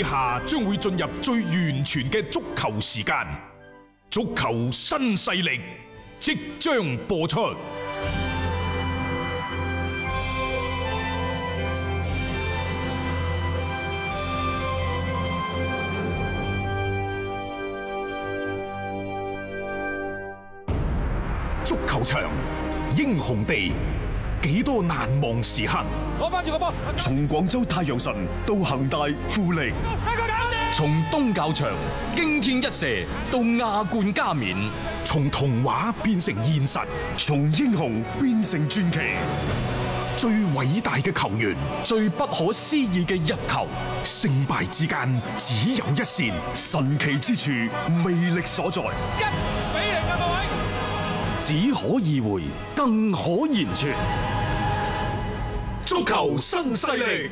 以下將會進入最完全嘅足球時間，足球新勢力即將播出，足球場，英雄地。幾多難忘時刻？攞翻住個波！從廣州太陽神到恒大富力，從東較場驚天一射到亞冠加冕，從童話變成現實，從英雄變成傳奇。最偉大嘅球員，最不可思議嘅入球，勝敗之間只有一線，神奇之處魅力所在。只可意會，更可言傳。足球新勢力。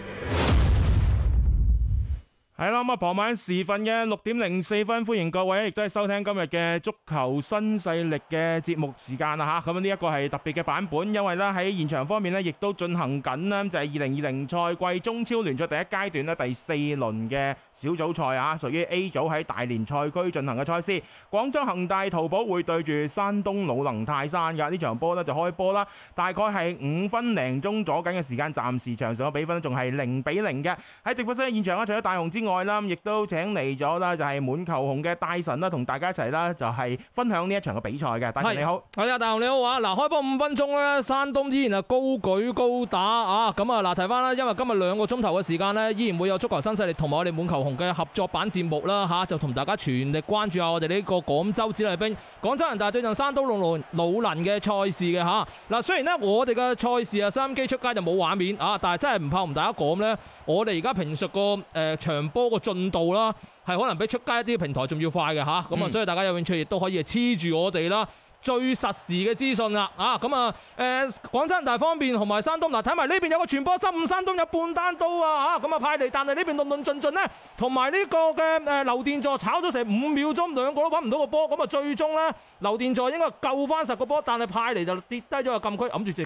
係啦，咁啊傍晚時分嘅六點零四分，歡迎各位，亦都係收聽今日嘅足球新勢力嘅節目時間啦吓。咁呢一個係特別嘅版本，因為咧喺現場方面咧，亦都進行緊咧，就係二零二零賽季中超聯賽第一階段咧第四輪嘅小組賽啊，屬於 A 組喺大連賽區進行嘅賽事。廣州恒大淘寶會對住山東魯能泰山噶呢場波咧就開波啦，大概係五分零鐘左右嘅時間，暫時場上嘅比分仲係零比零嘅。喺直播室嘅現場咧，除咗大雄之外，啦，亦都請嚟咗啦，就係滿球紅嘅大神啦，同大家一齊啦，就係分享呢一場嘅比賽嘅。大家你好，係啊，大雄，你好啊！嗱，開波五分鐘咧，山東依然啊高舉高打啊！咁啊嗱，提翻啦，因為今日兩個鐘頭嘅時間咧，依然會有足球新勢力同埋我哋滿球紅嘅合作版節目啦，吓、啊、就同大家全力關注下我哋呢個廣州子弟兵、廣州人大對陣山東魯能嘅賽事嘅吓嗱。雖然咧我哋嘅賽事啊收音機出街就冇畫面啊，但係真係唔怕同大家講呢，我哋而家評述個誒場。個進度啦，係可能比出街一啲平台仲要快嘅吓，咁、嗯、啊，所以大家有興趣亦都可以黐住我哋啦，最實時嘅資訊啦，啊，咁啊，誒、呃，廣州恒大方面同埋山東，嗱，睇埋呢邊有個傳波，失誤山東有半單刀啊，吓，咁啊派嚟，但係呢邊論論盡盡呢，同埋呢個嘅誒劉殿座炒咗成五秒鐘，兩個都搵唔到個波，咁啊最終呢，劉殿座應該救翻十個波，但係派嚟就跌低咗啊，禁區住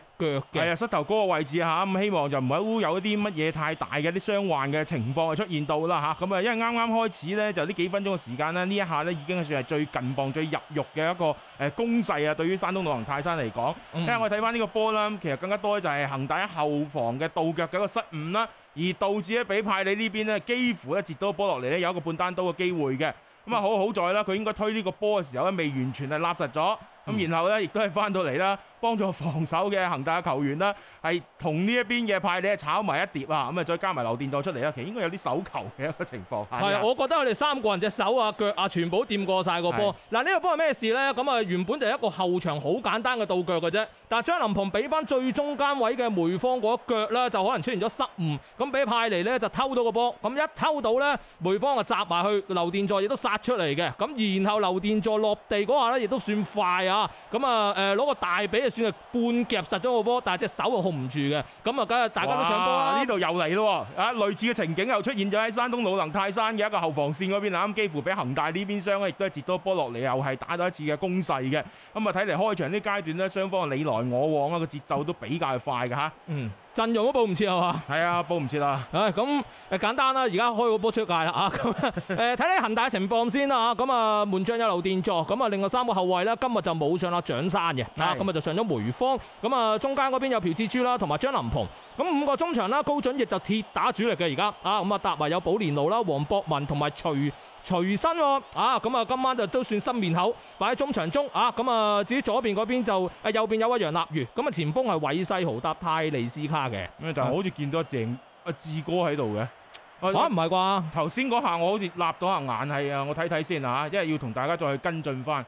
係啊，膝頭哥嘅位置嚇，咁希望就唔好有一啲乜嘢太大嘅啲傷患嘅情況出現到啦嚇。咁啊，因為啱啱開始咧，就呢幾分鐘嘅時間呢，呢一下咧已經算係最近磅最入肉嘅一個誒攻勢啊。對於山東魯能泰山嚟講，嗯，因為我睇翻呢個波啦，其實更加多就係恒大喺後防嘅倒腳嘅一個失誤啦，而導致咧俾派你呢邊咧幾乎咧截到波落嚟呢有一個半單刀嘅機會嘅。咁、嗯、啊，好好在啦，佢應該推呢個波嘅時候咧，未完全係立實咗。咁然後咧，亦都係翻到嚟啦，幫助防守嘅恒大嘅球員啦，係同呢一邊嘅派李炒埋一碟啊！咁啊，再加埋劉殿座出嚟啦，其實應該有啲手球嘅一個情況。係啊，我覺得佢哋三個人隻手啊、腳啊，全部掂過曬個波。嗱，呢個波係咩事咧？咁啊，原本就係一個後場好簡單嘅倒腳嘅啫。但張琳芃俾翻最中間位嘅梅方嗰腳咧，就可能出現咗失誤。咁俾派嚟咧就偷到個波。咁一偷到咧，梅方啊集埋去，劉殿座亦都殺出嚟嘅。咁然後劉殿座落地嗰下咧，亦都算快啊！啊，咁啊，誒，攞個大髀啊，算係半夾實咗個波，但係隻手又控唔住嘅。咁啊，梗係大家都上波啦，呢度又嚟咯，啊，類似嘅情景又出現咗喺山東魯能泰山嘅一個後防線嗰邊啦，咁幾乎畀恒大呢邊雙咧，亦都係截多波落嚟，又係打咗一次嘅攻勢嘅。咁啊睇嚟開場呢階段呢，雙方你來我往啊，個節奏都比較快嘅吓。嗯陣容都報唔切係嘛？係啊，報唔切啊！唉，咁誒簡單啦，而家開個波出界啦嚇。咁誒睇睇恒大情況先啦咁啊，門將有劉殿座，咁啊，另外三個後衞呢，今日就冇上阿張山嘅，啊，咁啊就上咗梅方。咁啊，中間嗰邊有朴志洙啦，同埋張琳芃。咁五個中場啦，高準翼就鐵打主力嘅而家，啊，咁啊搭埋有保連奴啦、黃博文同埋徐徐新咯，啊，咁啊今晚就都算新面口，擺喺中場中，啊，咁啊至於左邊嗰邊就誒、啊、右邊有阿楊立瑜，咁啊前鋒係韋世豪搭泰利斯卡。咁就好似見到阿鄭阿志哥喺度嘅，啊唔係啩？頭先嗰下我好似立咗下眼係啊！我睇睇先嚇，一係要同大家再去跟進翻。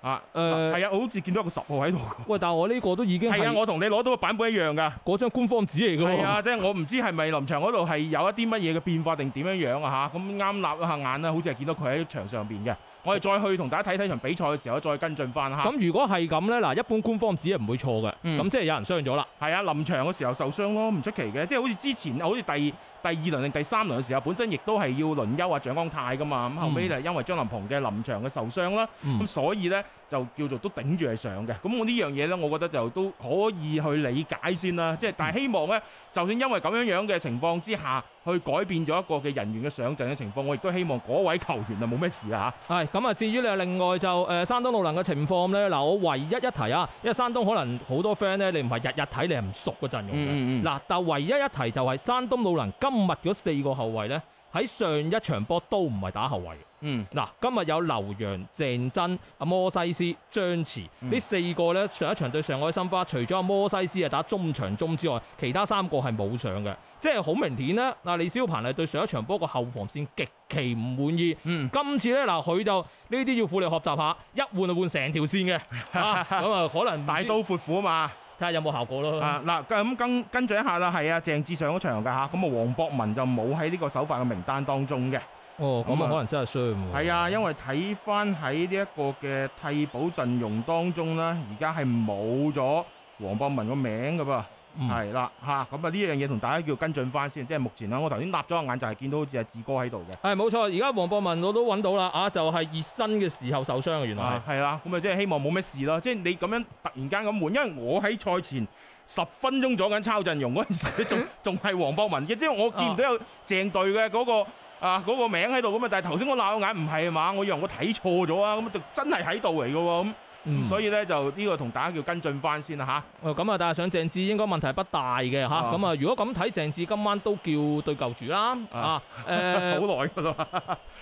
啊，誒、呃，係啊，我好似見到一個十號喺度。喂，但係我呢個都已經係啊，我同你攞到嘅版本一樣噶，嗰張官方紙嚟噶嘛。係啊，即係我唔知係咪臨場嗰度係有一啲乜嘢嘅變化定點樣樣啊吓？咁啱立一下眼咧，好似係見到佢喺場上邊嘅。我哋再去同大家睇睇場比賽嘅時候，再跟進翻啦。咁如果係咁咧，嗱，一般官方紙係唔會錯嘅。嗯。咁即係有人傷咗啦。係啊，臨場嘅時候受傷咯，唔出奇嘅。即係好似之前，好似第二。第二輪定第三輪嘅時候，本身亦都係要輪休啊，蔣光太㗎嘛，咁後尾就因為張林鵬嘅臨場嘅受傷啦，咁、嗯、所以咧。就叫做都頂住係上嘅，咁我呢樣嘢呢，我覺得就都可以去理解先啦。即係但係希望呢，就算因為咁樣樣嘅情況之下，去改變咗一個嘅人員嘅上陣嘅情況，我亦都希望嗰位球員啊冇咩事啊嚇。係咁啊，至於你另外就山東魯能嘅情況呢？嗱我唯一一提啊，因為山東可能好多 friend 呢，你唔係日日睇，你係唔熟陣容嘅。嗱、嗯，但唯一一提就係山東魯能今日嗰四個後衛呢。喺上一場波都唔係打後衞。嗯，嗱，今日有劉洋、鄭真、阿摩西斯、張弛。呢四個咧，上一場對上海申花，除咗阿摩西斯啊打中場中之外，其他三個係冇上嘅，即係好明顯啦。嗱，李小鵬咧，對上一場波個後防線極其唔滿意。嗯，今次呢，嗱，佢就呢啲要苦力學習下，一換就換成條線嘅，咁 啊可能大刀闊斧啊嘛。睇下有冇效果咯。啊嗱，咁跟跟進一下啦，係啊，鄭智上咗場㗎嚇，咁啊，黃博文就冇喺呢個首發嘅名單當中嘅。哦，咁啊，可能真係衰㗎。係啊，因為睇翻喺呢一個嘅替補陣容當中啦，而家係冇咗黃博文個名㗎噃。係啦吓，咁啊呢樣嘢同大家叫跟進翻先，即係目前我頭先立咗眼就係見到好似阿志哥喺度嘅。誒冇錯，而家黃博文我都揾到啦，啊就係、是、熱身嘅時候受傷嘅，原來係。啦、啊，咁啊即係希望冇咩事啦，即係你咁樣突然間咁換，因為我喺賽前十分鐘左緊抄陣容嗰陣時，仲仲係黃博文嘅，即 係我見唔到有鄭隊嘅嗰、嗰個啊、嗰個、名喺度咁啊。但係頭先我揦眼唔係嘛，我以為我睇錯咗啊，咁就真係喺度嚟㗎喎咁。嗯、所以咧就呢個同大家叫跟進翻先啦吓，咁啊，嗯、但係上鄭智應該問題不大嘅吓，咁啊，啊，如果咁睇鄭智今晚都叫對舊主啦。啊，好耐㗎啦。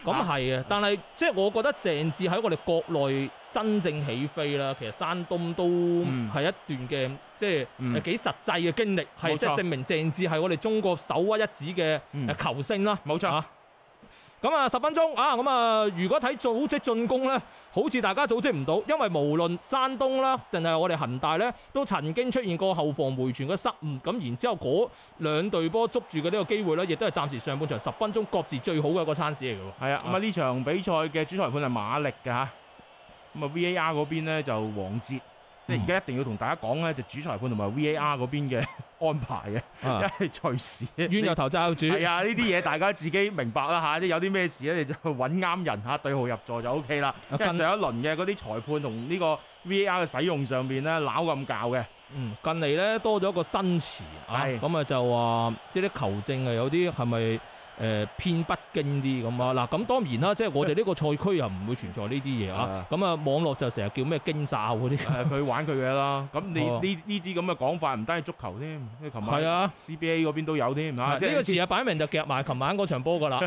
咁、啊、係啊，啊，但係即係我覺得鄭智喺我哋國內真正起飛啦。其實山東都係一段嘅即係幾實際嘅經歷，即、嗯、係、就係、證明鄭智係我哋中國首屈一指嘅球星啦。冇、嗯、錯。啊咁啊，十分鐘啊，咁啊，如果睇組織進攻呢，好似大家組織唔到，因為無論山東啦，定係我哋恒大呢，都曾經出現過後防回傳嘅失誤，咁然之後嗰兩隊波捉住嘅呢個機會呢，亦都係暫時上半場十分鐘各自最好嘅一個餐市嚟嘅喎。係啊，咁啊呢場比賽嘅主裁判係馬力嘅吓，咁啊 V A R 嗰邊咧就黃哲。即係而家一定要同大家講咧，就主裁判同埋 VAR 嗰邊嘅安排嘅，一、嗯、係隨時冤有頭，債有主。係啊，呢啲嘢大家自己明白啦嚇，即 有啲咩事咧，你就揾啱人嚇，對號入座就 OK 啦。因為上一輪嘅嗰啲裁判同呢個 VAR 嘅使用上邊咧，鬧咁鳩嘅。嗯，近嚟咧多咗一個新詞，咁啊就話即係啲球證啊，就是、證有啲係咪？誒偏北京啲咁啊！嗱，咁當然啦，即係我哋呢個賽區又唔會存在呢啲嘢啊！咁啊，網絡就成日叫咩京哨嗰啲。佢、啊、玩佢嘅啦。咁你呢呢啲咁嘅講法唔單係足球添，因為琴晚，係啊 CBA 嗰邊都有添嚇。呢、啊就是呢個詞啊擺明就夾埋琴晚嗰場波噶啦。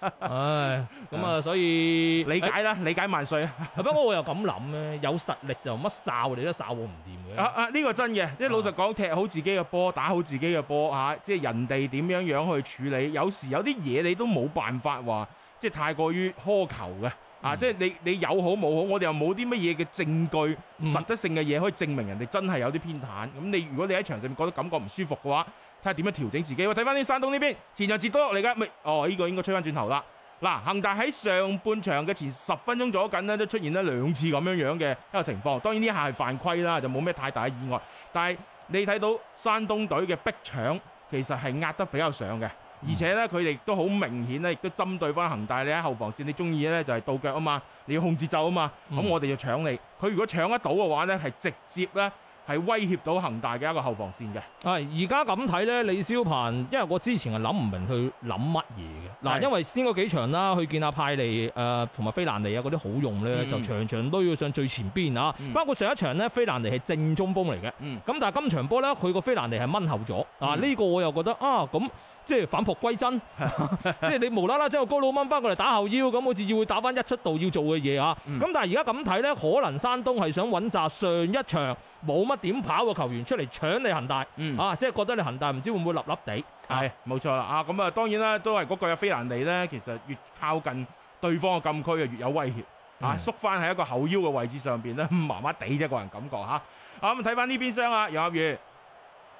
唉、 哎，咁啊，所以理解啦、哎，理解萬歲啊！不過我又咁諗咧，有實力就乜哨你都哨我唔掂嘅。啊啊！呢、呢個真嘅，即係老實講，踢好自己嘅波，打好自己嘅波嚇，即係人哋點樣樣去處理，有時有啲。啲嘢你都冇辦法話，即係太過於苛求嘅，啊、嗯！即係你你有好冇好，我哋又冇啲乜嘢嘅證據、嗯、實質性嘅嘢可以證明人哋真係有啲偏袒。咁你如果你喺場上面覺得感覺唔舒服嘅話，睇下點樣調整自己。喂，睇翻啲山東呢邊，前場截多落嚟噶，哦呢、呢個應該吹翻轉頭啦。嗱，恒大喺上半場嘅前十分鐘左緊呢，都出現咗兩次咁樣樣嘅一個情況。當然呢下係犯規啦，就冇咩太大嘅意外。但係你睇到山東隊嘅逼搶，其實係壓得比較上嘅。而且咧，佢哋都好明顯咧，亦都針對翻恒大你喺後防線。你中意咧就係倒腳啊嘛，你要控節奏啊嘛。咁、嗯、我哋就搶你。佢如果搶得到嘅話咧，係直接咧係威脅到恒大嘅一個後防線嘅。係而家咁睇咧，李霄鵬，因為我之前係諗唔明佢諗乜嘢嘅嗱，因為先嗰幾場啦，去見阿派利誒同埋菲蘭尼啊嗰啲好用咧、嗯，就場場都要上最前邊啊、嗯。包括上一場呢，菲蘭尼係正中鋒嚟嘅，咁、嗯、但係今場波咧，佢個菲蘭尼係掹後咗啊。呢、嗯這個我又覺得啊咁。即係返璞歸真，即係你無啦啦將個高佬掹翻過嚟打後腰，咁好似要會打翻一出道要做嘅嘢啊！咁但係而家咁睇咧，可能山東係想揾扎上一場冇乜點跑嘅球員出嚟搶你恒大，啊，即係覺得你恒大唔知會唔會笠笠地。係冇錯啦，啊咁啊當然啦，都係嗰個阿菲蘭尼咧，其實越靠近對方嘅禁區啊，越有威脅啊！縮翻喺一個後腰嘅位置上邊咧，麻麻地啫個人感覺嚇。咁睇翻呢邊廂啊，楊立瑜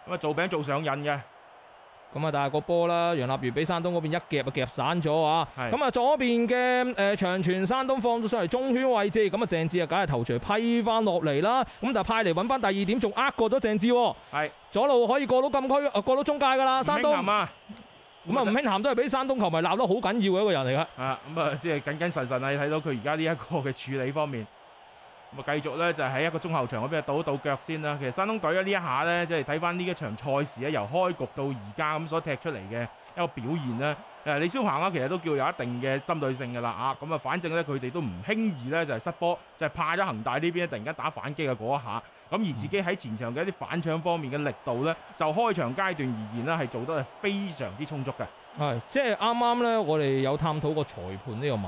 咁啊做餅做上癮嘅。咁啊，但係個波啦！楊立瑜俾山東嗰邊一夾啊，夾散咗啊！咁啊，左邊嘅誒長傳，山東放到上嚟中圈位置，咁啊，鄭智啊，梗係頭槌批翻落嚟啦！咁但係派嚟揾翻第二點，仲呃過咗鄭智係左路可以過到禁區，過到中界噶啦，啊。山東。咁啊，吳興涵都係俾山東球迷鬧得好緊要嘅一個人嚟嘅。啊，咁啊，即係緊緊神神啊，睇到佢而家呢一個嘅處理方面。咁啊，繼續咧就喺一個中後場嗰邊倒一倒腳先啦。其實山東隊咧呢一下咧，即係睇翻呢一場賽事咧，由開局到而家咁所踢出嚟嘅一個表現咧，誒李霄鵬其實都叫有一定嘅針對性㗎啦。咁啊，反正咧佢哋都唔輕易咧就係失波，就係怕咗恒大呢邊突然間打反擊嘅嗰一下，咁而自己喺前場嘅一啲反搶方面嘅力度咧，就開場階段而言咧係做得係非常之充足嘅。係，即係啱啱咧，我哋有探討過裁判呢個問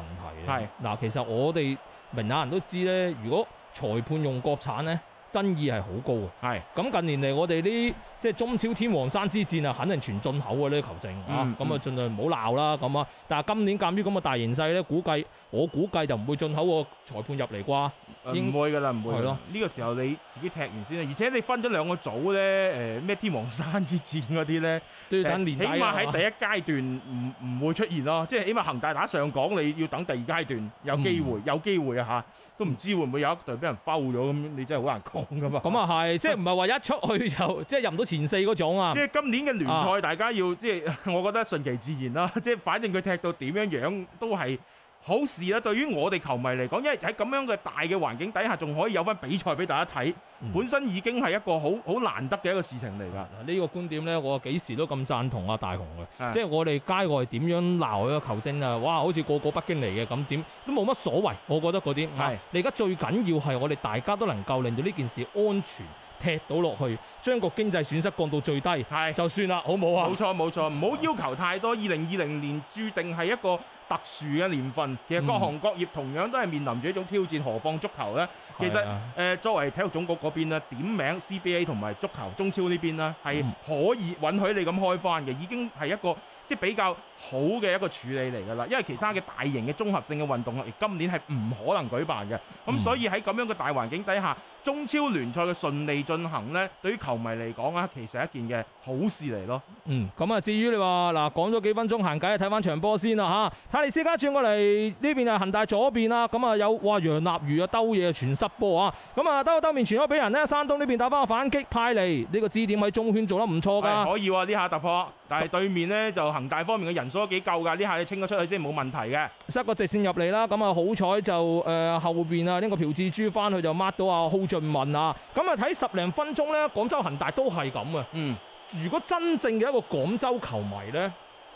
題。嗱，其實我哋明眼人都知咧，如果裁判用國產咧。爭議係好高嘅，係咁近年嚟我哋呢即係中超天王山之戰啊，球係肯定全進口嘅呢啲球證啊，咁、嗯、啊、嗯、盡量唔好鬧啦咁啊。但係今年鑑於咁嘅大形勢咧，估計我估計就唔會進口嘅裁判入嚟啩，唔、嗯、會㗎啦，唔會係咯。呢、呢個時候你自己踢完先啦。而且你分咗兩個組咧，誒、呃、咩天王山之戰嗰啲咧，等年起碼喺第一階段唔唔會出現咯，即、嗯、係起碼恒大打上港，你要等第二階段有機會，嗯、有機會啊嚇，都唔知會唔會有一隊俾人摟咗咁，你真係好難講。咁啊、就是，咁啊係，即係唔係話一出去就即係入唔到前四嗰種啊！即係今年嘅聯賽，大家要即係， 我覺得順其自然啦。即係反正佢踢到點樣樣都係。好事啦，對於我哋球迷嚟講，因為喺咁樣嘅大嘅環境底下，仲可以有翻比賽俾大家睇，本身已經係一個好好難得嘅一個事情嚟㗎。呢、這個觀點呢，我幾時都咁贊同啊，大雄嘅。即係我哋街外點樣鬧呢個球證啊？哇，好似個個北京嚟嘅咁，點都冇乜所謂。我覺得嗰啲，你而家最緊要係我哋大家都能夠令到呢件事安全踢到落去，將個經濟損失降到最低，係就算啦，好冇？啊？冇錯冇錯，唔好要，要求太多。二零二零年注定係一個。特殊嘅年份，其實各行各業同樣都係面臨住一種挑戰，嗯、何況足球呢？其實誒、啊呃，作為體育總局嗰邊咧，點名 CBA 同埋足球中超這邊呢邊呢係可以允許你咁開翻嘅、嗯，已經係一個即係比較好嘅一個處理嚟㗎啦。因為其他嘅大型嘅綜合性嘅運動，而今年係唔可能舉辦嘅。咁、嗯、所以喺咁樣嘅大環境底下，中超聯賽嘅順利進行呢，對於球迷嚟講啊，其實係一件嘅好事嚟咯。嗯，咁啊，至於你話嗱，講咗幾分鐘行偈，睇翻場波先啦嚇。泰利斯依家轉過嚟呢邊啊，恒大左邊啦，咁啊有哇楊立瑜啊兜嘢全濕波啊，咁啊兜兜面傳咗俾人呢。山東呢邊打翻個反擊派，泰利呢個支點喺中圈做得唔錯嘅，可以喎呢下突破，但係對面呢，就恒大方面嘅人數都幾夠㗎，呢下你清咗出去先冇問題嘅，塞個直線入嚟啦，咁啊好彩就誒、呃、後邊啊呢個朴志洙翻去就抹到啊蒿俊文啊，咁啊睇十零分鐘呢，廣州恒大都係咁啊。嗯，如果真正嘅一個廣州球迷呢，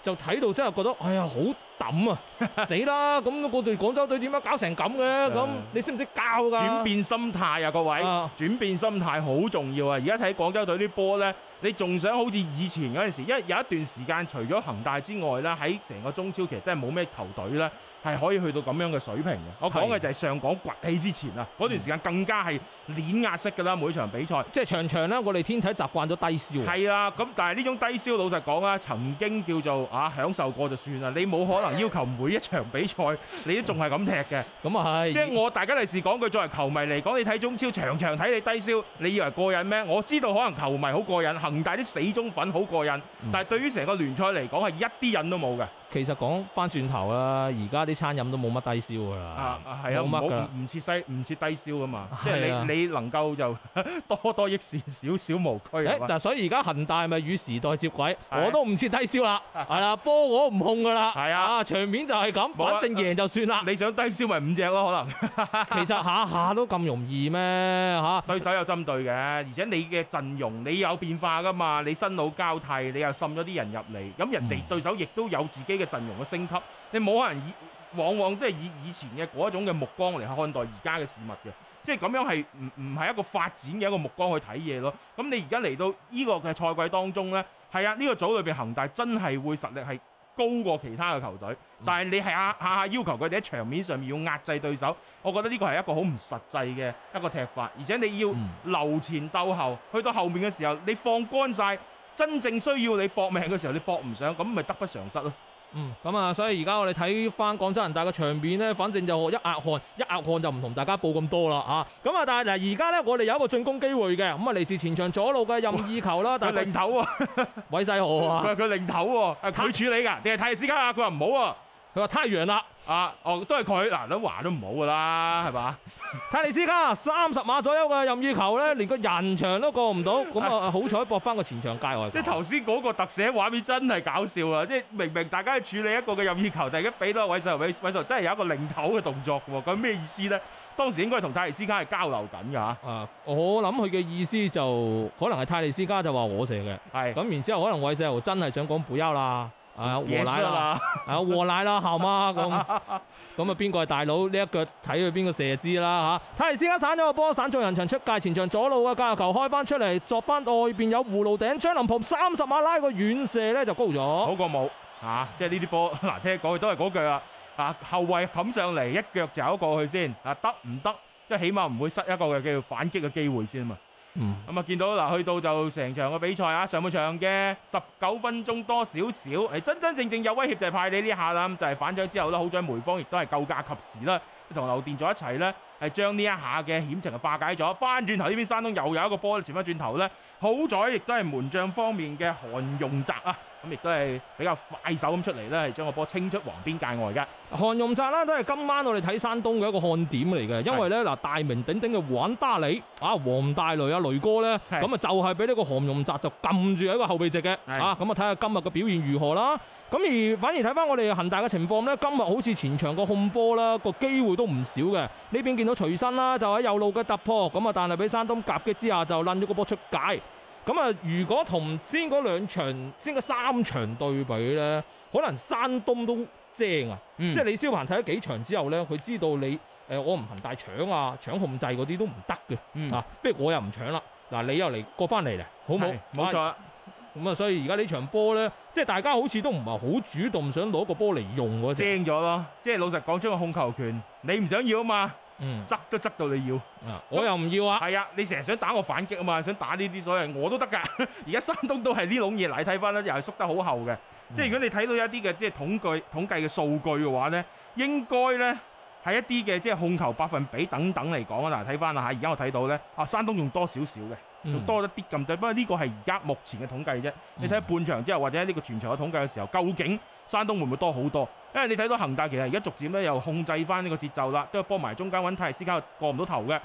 就睇到真係覺得，哎呀，好抌啊！死 啦！咁我哋廣州隊點解搞成咁嘅？咁 你識唔識教㗎？轉變心態啊，各位！ 轉變心態好重要啊！而家睇廣州隊啲波呢，你仲想好似以前嗰陣時？因為有一段時間，除咗恒大之外呢，喺成個中超其實真係冇咩球隊咧。係可以去到咁樣嘅水平嘅，我講嘅就係上港崛起之前啊，嗰段時間更加係碾壓式㗎啦，每，一場，比、嗯、每一場比賽即係場場啦。我哋天體習慣咗低消，係啦。咁但係呢種低消，老實講啦，曾經叫做啊享受過就算啦。你冇可能要求每一場比賽你都仲係咁踢嘅。咁啊係，即係我大吉利是講句，作為球迷嚟講，你睇中超場場睇你低消，你以為過癮咩？我知道可能球迷好過癮，恒大啲死忠粉好過癮，但係對於成個聯賽嚟講係一啲癮都冇嘅。其實講返轉頭啦，而家。啲餐飲都冇乜低消噶啦，冇乜唔設西，唔設低消噶嘛，即係、啊、你你能夠就多多益善，少少無拘、欸。但所以而家恒大咪與時代接軌？啊、我都唔設低消啦，係、啊、啦、啊，波我唔控噶啦，係啊，啊，場面就係咁，反正贏就算啦、啊啊。你想低消咪五隻咯？可能其實下下都咁容易咩？嚇， 對手有針對嘅，而且你嘅陣容你有變化噶嘛？你新老交替，你又滲咗啲人入嚟，咁人哋對手亦都有自己嘅陣容嘅升級，你冇可能以，往往都係以以前嘅嗰種嘅目光嚟看待而家嘅事物嘅，即係咁樣係唔唔係一個發展嘅一個目光去睇嘢咯？咁你而家嚟到呢個嘅賽季當中呢，係啊，呢個組裏邊恒大真係會實力係高過其他嘅球隊，但係你係下下要求佢哋喺場面上面要壓制對手，我覺得呢個係一個好唔實際嘅一個踢法，而且你要留前鬥後，去到後面嘅時候，你放乾晒，真正需要你搏命嘅時候，你搏唔上，咁咪得不償失咯。嗯，咁啊，所以而家我哋睇翻廣州恆大嘅場面咧，反正就一額汗，一額汗就唔同大家報咁多啦嚇。咁啊，但係嗱，而家咧我哋有一個進攻機會嘅，咁啊嚟自前場左路嘅任意球啦，佢擰頭喎，韋世豪啊，唔係佢擰頭喎，係，佢處理㗎，定係泰斯卡啊？佢話唔好喎。佢話太陽啦，啊，哦，都係佢，嗱、啊，都話都唔好噶啦，係嘛？ 泰利斯卡三十碼左右嘅任意球咧，連個人牆都過唔到，咁啊好彩博翻個前場界外界。即係頭先嗰個特寫畫面真係搞笑啊！即係明明大家處理一個嘅任意球，突然間俾到韋世豪，韋世豪真係有一個擰頭嘅動作，咁咩意思咧？當時應該係同泰利斯卡係交流緊噶啊，我諗佢嘅意思就可能係泰利斯卡就話我射嘅，係，咁然之後可能韋世豪真係想講補休啦。係和奶啦，係和奶啦，後媽咁，咁啊邊個係大佬？呢一腳睇佢邊個射之啦吓！睇嚟先家散咗個波，散咗人牆出界，前場左路嘅界球開翻出嚟，作翻外邊有葫蘆頂，張林甫三十碼拉個遠射咧就高咗，好過冇吓，即係呢啲波嗱聽講，都係嗰句啦。啊，後衛冚上嚟一腳就過去先，啊得唔得？即係起碼唔會失一個叫反擊嘅機會先嘛。咁、嗯、啊，見到嗱，去到就成場嘅比賽啊，上半場嘅十九分鐘多少少，真真正正有威脅就係派你呢下啦，咁就係、是、反咗之後啦，好彩梅方亦都係救駕及時啦。同劉電組一齊呢，係將呢一下嘅險情係化解咗。翻轉頭呢邊山東又有一個波，轉翻轉頭呢，好在亦都係門將方面嘅韓鎔澤啊，咁亦都係比較快手咁出嚟呢，係將個波清出黃邊界外嘅。韓鎔澤呢，都係今晚我哋睇山東嘅一個看點嚟嘅，因為呢，嗱、啊、大名鼎鼎嘅王大李啊、王大雷啊、雷哥呢，咁啊就係俾呢個韓鎔澤就撳住喺個後備席嘅，啊咁啊睇下今日嘅表現如何啦。咁而反而睇翻我哋恒大嘅情況呢，今日好似前場個控波啦，個機會都唔少嘅。呢邊見到徐新啦，就喺右路嘅突破，咁啊，但係俾山東夾擊之下就掄咗個波出界。咁啊，如果同先嗰兩場先嗰三場對比呢，可能山東都正啊，嗯、即係李霄鵬睇咗幾場之後呢，佢知道你誒我唔恒大搶啊搶控制嗰啲都唔得嘅啊，不、嗯、如我又唔搶啦，嗱你又嚟過翻嚟咧，好唔好？冇錯。咁啊，所以而家呢場波呢，即係大家好似都唔係好主動想攞個波嚟用嗰隻，驚咗咯！即係老實講，將個控球權你唔想要啊嘛，嗯，執都執到你要，我又唔要啊，係啊，你成日想打我反擊啊嘛，想打呢啲所謂我都得㗎。而家山東都係呢種嘢嚟睇翻啦，又係縮得好後嘅。即、嗯、係如果你睇到一啲嘅即係統計統計嘅數據嘅話呢，應該呢，係一啲嘅即係控球百分比等等嚟講啊，嗱睇翻啦嚇，而家我睇到呢，啊，山東用多少少嘅。仲、嗯、多一啲咁多，不過呢個係而家目前嘅統計啫。你睇半場之後，或者呢個全場嘅統計嘅時候，究竟山東會唔會多好多？因為你睇到恒大其實而家逐漸咧又控制翻呢個節奏啦，都幫埋中間揾泰斯卡過唔到頭嘅。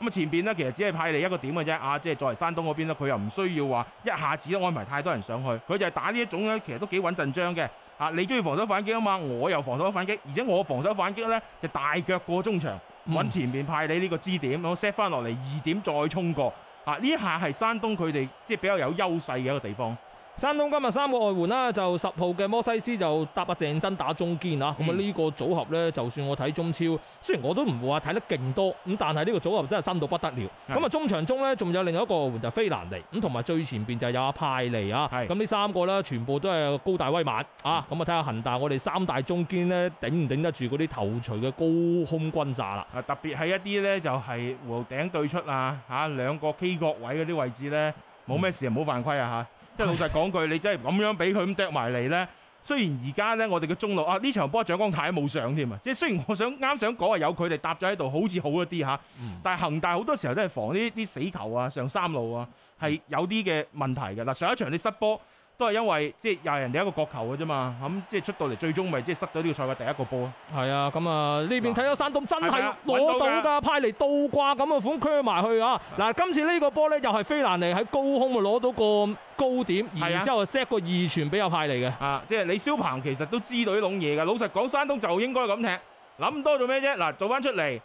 咁啊，前邊呢，其實只係派你一個點嘅啫。啊，即係作為山東嗰邊咧，佢又唔需要話一下子都安排太多人上去，佢就係打呢一種咧，其實都幾穩陣張嘅。啊，你中意防守反擊啊嘛，我又防守反擊，而且我防守反擊呢，就大腳過中場揾前面派你呢個支點，咁 set 翻落嚟二點再衝過。啊！呢一下係山東佢哋即係比較有優勢嘅一個地方。山東今日三個外援啦，就十號嘅摩西斯就搭阿鄭真打中堅啊。咁啊，呢個組合呢，就算我睇中超，雖然我都唔會話睇得勁多咁，但係呢個組合真係深到不得了。咁啊，中場中呢，仲有另一個外援就係、菲蘭尼咁，同埋最前邊就有阿派尼啊。咁呢三個呢，全部都係高大威猛啊。咁啊，睇下恒大，我哋三大中堅呢，頂唔頂得住嗰啲頭錘嘅高空轟炸啦？啊，特別係一啲呢，就係弧頂對出啊，吓兩個 K 角位嗰啲位置呢，冇咩事唔好、嗯、犯規啊吓。即係老實講句， 你真係咁樣俾佢咁啄埋嚟呢。雖然而家呢，我哋嘅中路啊，呢場波蔣光太冇上添啊。即係雖然我想啱想講話有佢哋搭咗喺度，好似好一啲吓。啊嗯、但係恒大好多時候都係防呢啲死球啊，上三路啊，係有啲嘅問題嘅。嗱、啊，上一場你失波，都係因為即係又係人哋一個國球嘅啫嘛，咁即係出到嚟，最終咪即係塞咗呢個賽季第一個波。係啊，咁啊呢邊睇咗山東真係攞到噶，派嚟倒掛咁嘅款 q 埋去啊！嗱，今次呢個波呢又係飛蘭尼喺高空啊攞到一個高點，然之後 set 個二傳俾我派嚟嘅。啊，即係李霄鵬其實都知道呢種嘢噶，老實講山東就應該咁踢，諗多做咩啫？嗱，做翻出嚟。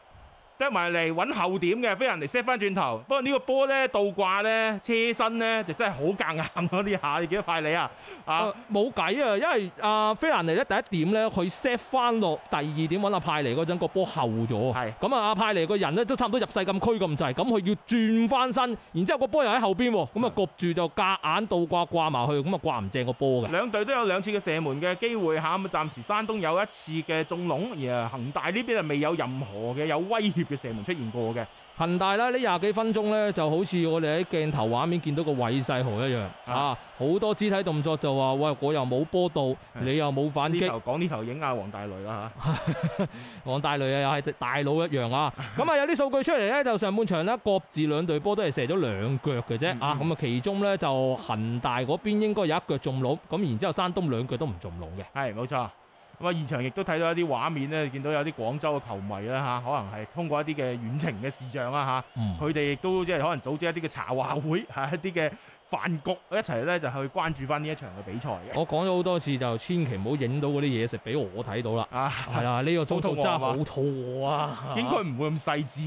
得埋嚟揾後點嘅，飛人嚟 set 翻轉頭。不過呢個波咧倒掛咧車身咧就真係好夾硬嗰啲下，你見得派你啊啊冇計啊，因為阿菲人嚟咧第一點咧佢 set 翻落第二點揾阿、啊、派嚟嗰陣個波後咗，咁啊阿派嚟個人咧都差唔多入世禁區咁滯，咁佢要轉翻身，然之後個波又喺後邊，咁啊焗住就夾眼倒掛掛埋去，咁啊掛唔正個波嘅。兩隊都有兩次嘅射門嘅機會下咁、啊、暫時山東有一次嘅中籠，而啊恒大呢邊啊未有任何嘅有威脅。佢射門出現過嘅，恒大咧呢廿幾分鐘咧就好似我哋喺鏡頭畫面見到個韋世豪一樣啊，好多肢體動作就話，喂，我又冇波到，你又冇反擊。呢頭講呢頭影阿王大雷啦嚇、啊，王大雷啊又係大佬一樣啊。咁啊有啲數據出嚟咧，就上半場咧，各自兩隊波都係射咗兩腳嘅啫啊。咁啊其中咧就恒大嗰邊應該有一腳中籠，咁然之後山東兩腳都唔中籠嘅。係，冇錯。咁啊！現場亦都睇到一啲畫面咧，見到有啲廣州嘅球迷啦。嚇，可能係通過一啲嘅遠程嘅視像啦嚇，佢哋亦都即係可能組織一啲嘅茶話會嚇，一啲嘅。飯局一齊咧就去關注翻呢一場嘅比賽嘅。我講咗好多次，就千祈唔好影到嗰啲嘢食俾我睇到啦。啊、哎，係啊，呢、這個操作真係好肚餓啊！應該唔會咁細緻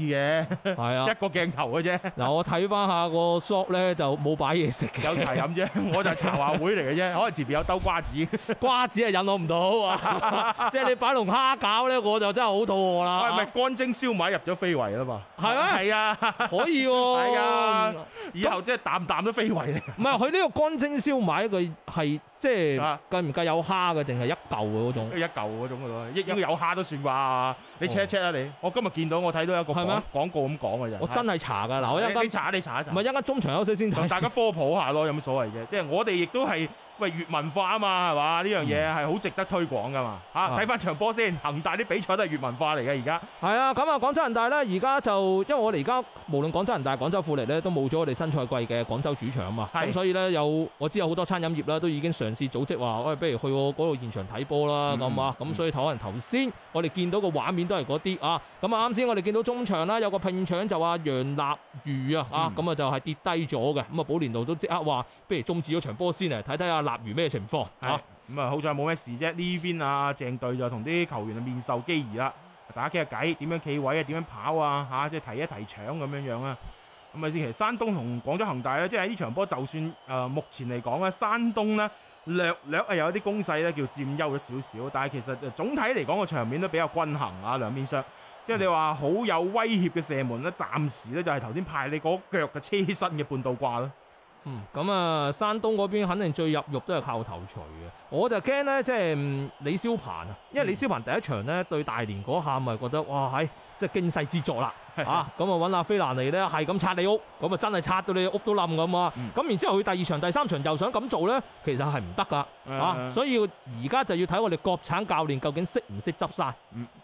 嘅。係啊， 一個鏡頭嘅啫。嗱，我睇翻下、那個 shop 咧，就冇擺嘢食嘅。有茶飲啫，我就係茶話會嚟嘅啫， 可能前邊有兜瓜子。瓜子係引我唔到，啊。即係你擺龍蝦餃咧，我就真係好肚餓啦。係咪乾蒸燒賣入咗非遺啦嘛？係 啊，係啊，可以喎。係啊，以後即係啖啖都非遺。唔 係，佢呢個乾蒸燒賣，佢係。即係計唔計有蝦嘅，定係一嚿嘅嗰種？一嚿嗰種嘅咯，應應該有蝦都算啩？哦、你 check 一 check 啊。你。我今日見到，我睇到一個廣，廣告咁講嘅啫。我真係查㗎嗱，我一間查一查一查。唔係一間中場休息先同大家科普一下咯，有 咩所謂嘅？即係我哋亦都係喂粵文化啊嘛，係嘛？呢樣嘢係好值得推廣㗎嘛？嚇睇翻場波先，恒大啲比賽都係粵文化嚟嘅而家。係啊，咁啊廣州恒大咧，而家就因為我哋而家無論廣州恒大、廣州富力咧，都冇咗我哋新賽季嘅廣州主場啊嘛。咁、嗯、所以咧有我知有好多餐飲業啦，都已經上。人士組織話：，喂、哎，不如去我嗰度現場睇波啦。咁、嗯、啊，咁所以睇，可能頭先我哋見到個畫面都係嗰啲啊。咁啊，啱先我哋見到中場啦，有個拼搶就話楊立瑜啊、嗯，啊，咁啊就係跌低咗嘅。咁、嗯、啊，寶蓮道都即刻話，不如終止咗場波先嚟，睇睇阿立瑜咩情況啊。咁啊，好在冇咩事啫。呢邊啊，鄭隊就同啲球員面授機宜啦，大家傾下偈，點樣企位樣啊，點樣跑啊，吓，即係提一提搶咁樣樣啊。咁啊，其實山東同廣州恒大咧，即係呢場波，就算誒、呃、目前嚟講咧，山東呢。略略啊，有一啲攻勢咧，叫佔優咗少少，但係其實總體嚟講個場面都比較均衡啊，兩邊相，即係你話好有威脅嘅射門咧，暫時咧就係頭先派你嗰腳嘅車身嘅半導掛啦。嗯，咁啊，山東嗰邊肯定最入肉都係靠頭槌嘅，我就驚呢，即係李霄鵬啊，因為李霄鵬第一場呢對大連嗰下咪覺得哇喺即係驚世之作啦。吓 咁啊！揾阿菲蘭尼嚟咧，係咁拆你屋，咁啊真係拆到你屋都冧咁啊！咁、嗯、然之後佢第二場、第三場又想咁做咧，其實係唔得噶，所以而家就要睇我哋國產教練究竟識唔識執晒，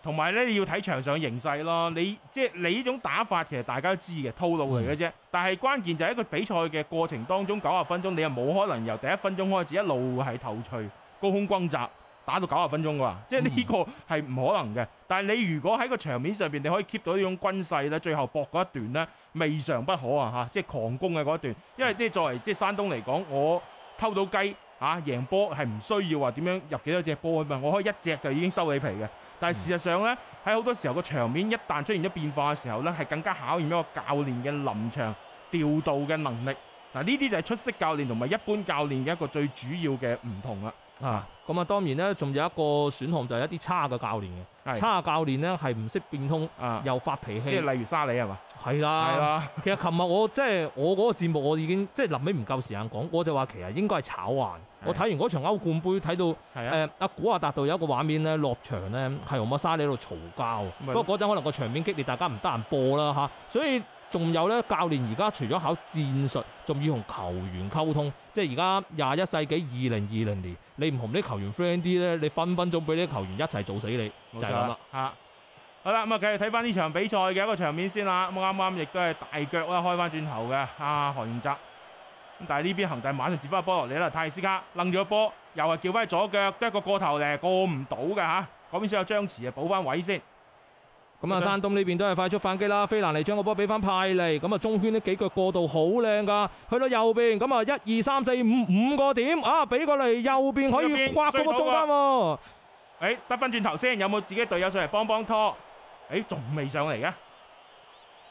同埋咧你要睇場上形勢咯。你即係、就是、你呢種打法，其實大家都知嘅套路嚟嘅啫。嗯、但係關鍵就係一個比賽嘅過程當中，九十分鐘你又冇可能由第一分鐘開始一路係頭錘高空轟炸。打到九十分鐘㗎，即係呢個係唔可能嘅、嗯。但係你如果喺個場面上邊，你可以 keep 到呢種軍勢呢，最後搏嗰一段呢，未嘗不可啊！嚇，即係狂攻嘅嗰一段，因為啲作為即係山東嚟講，我偷到雞嚇、啊、贏波係唔需要話點樣入幾多隻波啊嘛，我可以一隻就已經收你皮嘅。但係事實上呢，喺好多時候個場面一旦出現咗變化嘅時候呢，係更加考驗一個教練嘅臨場調度嘅能力。嗱，呢啲就係出色教練同埋一般教練嘅一個最主要嘅唔同啦。啊，咁啊，當然咧，仲有一個選項就係一啲差嘅教練嘅，差嘅教練咧係唔識變通、啊，又發脾氣，即係例如沙裏係嘛？係啦，其實琴日我即係、就是、我嗰個節目，我已經即係臨尾唔夠時間講，我就話其實應該係炒爛。我睇完嗰場歐冠杯，睇到誒阿、呃、古阿達道有一個畫面咧，落場咧係同阿沙裏喺度嘈交，不過嗰陣可能個場面激烈，大家唔得閒播啦嚇、啊，所以。仲有呢，教練而家除咗考戰術，仲要同球員溝通。即係而家廿一世紀二零二零年，你唔同啲球員 friend 啲呢，你分分鐘俾啲球員一齊做死你，了就係咁啦。嚇、啊，好啦，咁啊繼續睇翻呢場比賽嘅一個場面先啦。咁啱啱亦都係大腳咧開翻轉頭嘅。阿、啊、何元澤咁，但係呢邊恒大馬上接翻波落嚟啦，泰斯卡愣住一波，又係叫翻左腳，得一個過頭嚟，過唔到嘅嚇。嗰、啊、邊先有張弛啊，補翻位先。咁啊，山東呢邊都係快速反擊啦。菲蘭尼將個波俾翻派嚟，咁啊中圈呢幾腳過渡好靚噶，去到右邊咁啊，一二三四五五個點啊，俾過嚟右邊可以刮過個中間。誒、哎，得翻轉頭先，有冇自己隊友上嚟幫幫拖？誒、哎，仲未上嚟嘅。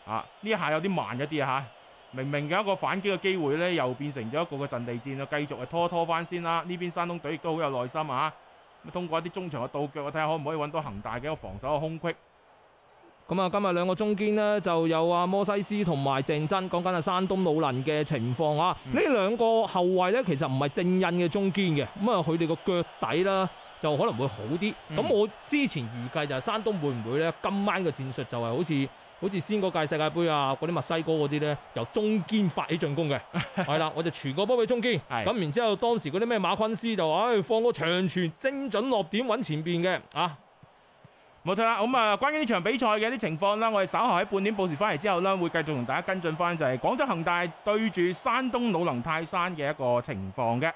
啊，呢下有啲慢咗啲啊，明明嘅一個反擊嘅機會呢，又變成咗一個嘅陣地戰咯。繼續係拖拖翻先啦。呢邊山東隊亦都好有耐心啊，咁通過一啲中場嘅倒腳，我睇下可唔可以搵到恒大嘅一個防守嘅空隙。咁啊，今日兩個中堅呢，就有阿摩西斯同埋鄭真。講緊啊，山東魯能嘅情況啊。呢兩個後衞呢，其實唔係正印嘅中堅嘅。咁啊，佢哋個腳底啦，就可能會好啲。咁我之前預計就係山東會唔會呢？今晚嘅戰術就係好似好似先嗰屆世界盃啊，嗰啲墨西哥嗰啲呢，由中堅發起進攻嘅。係啦，我就傳個波俾中堅。咁 然之後，當時嗰啲咩馬昆斯就話，唉、哎，放個長傳，精準落點揾前邊嘅。啊！冇錯啦，咁啊，關於呢場比賽嘅一啲情況啦，我哋稍後喺半點報時翻嚟之後咧，會繼續同大家跟進翻，就係廣州恆大對住山東魯能泰山嘅一個情況嘅。